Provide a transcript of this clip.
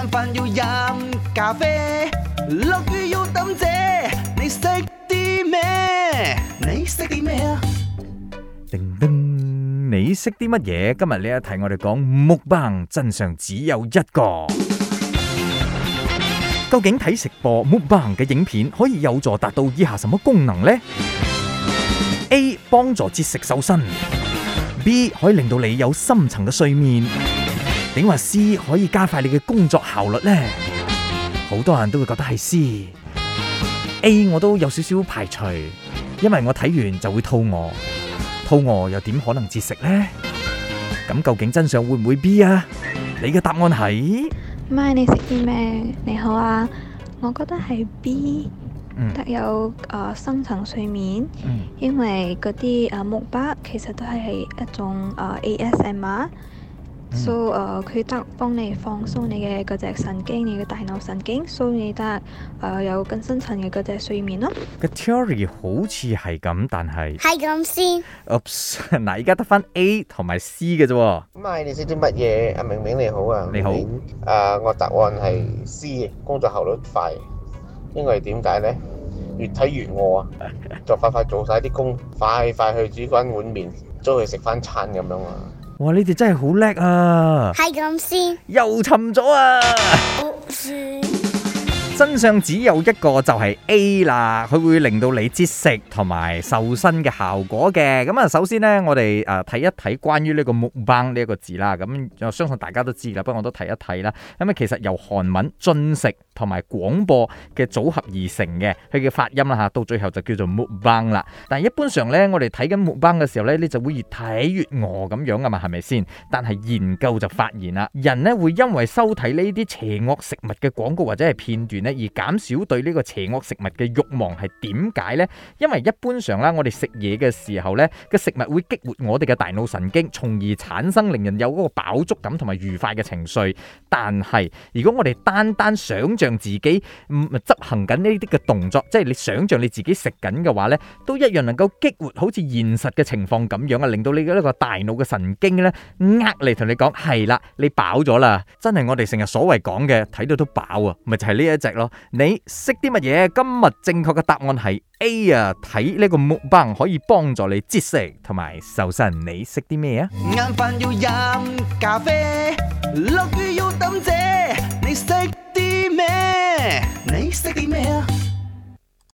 食飯要飲咖啡，落雨要等姐。你識啲咩？你識啲咩啊？叮叮，你識啲乜嘢？今日呢一題我哋講木棒真相只有一個。究竟睇食播木棒嘅影片可以有助達到以下什麼功能呢？A 幫助節食瘦身，B 可以令到你有深層嘅睡眠。你話 C 可以加快你嘅工作效率呢？好多人都會覺得係 C。A 我都有少少排除，因為我睇完就會肚餓，肚餓又點可能節食呢？咁究竟真相會唔會 B 啊？你嘅答案係？媽，你識啲咩？你好啊，我覺得係 B，、嗯、得有誒、呃、深層睡眠，嗯、因為嗰啲誒 mukbang 其實都係一種誒、呃、ASMR so，誒、呃，佢得幫你放鬆你嘅嗰隻神經，你嘅大腦神經，所以你得誒、呃、有更深層嘅嗰隻睡眠咯。個 theory 好似係咁，但係係咁先。嗱，依家得翻 A 同埋 C 嘅啫。咁係你識啲乜嘢？阿明明你好啊。你好。誒好，uh, 我答案係 C，工作效率快。因為點解咧？越睇越餓啊！ 做快快做晒啲工，快快去煮翻碗麵，都去食翻餐咁樣啊！哇！你哋真係好叻啊，係咁先，又沉咗啊！真相 Oops. 只有一個就係 A 啦，佢會令到你節食同埋瘦身嘅效果嘅。咁啊，首先呢，我哋誒睇一睇關於呢個木棒呢一個字啦。咁我相信大家都知道啦，不過我都睇一睇啦，因為其實由韓文進食。同埋廣播嘅組合而成嘅，佢嘅發音啦、啊、嚇，到最後就叫做 mukbang 啦。但係一般上咧，我哋睇緊 mukbang 嘅時候咧，你就會越睇越餓咁樣啊嘛，係咪先？但係研究就發現啦，人咧會因為收睇呢啲邪惡食物嘅廣告或者係片段咧，而減少對呢個邪惡食物嘅欲望，係點解咧？因為一般上啦，我哋食嘢嘅時候咧，個食物會激活我哋嘅大腦神經，從而產生令人有嗰個飽足感同埋愉快嘅情緒。但係如果我哋單單想象。讓自己唔執行緊呢啲嘅動作，即係你想象你自己食緊嘅話咧，都一樣能夠激活好似現實嘅情況咁樣啊，令到你嘅呢個大腦嘅神經咧，呃嚟同你講係啦，你飽咗啦，真係我哋成日所謂講嘅，睇到都飽啊，咪就係呢一隻咯。你識啲乜嘢？今日正確嘅答案係 A 啊，睇呢個木棒可以幫助你節食同埋瘦身。你識啲咩啊？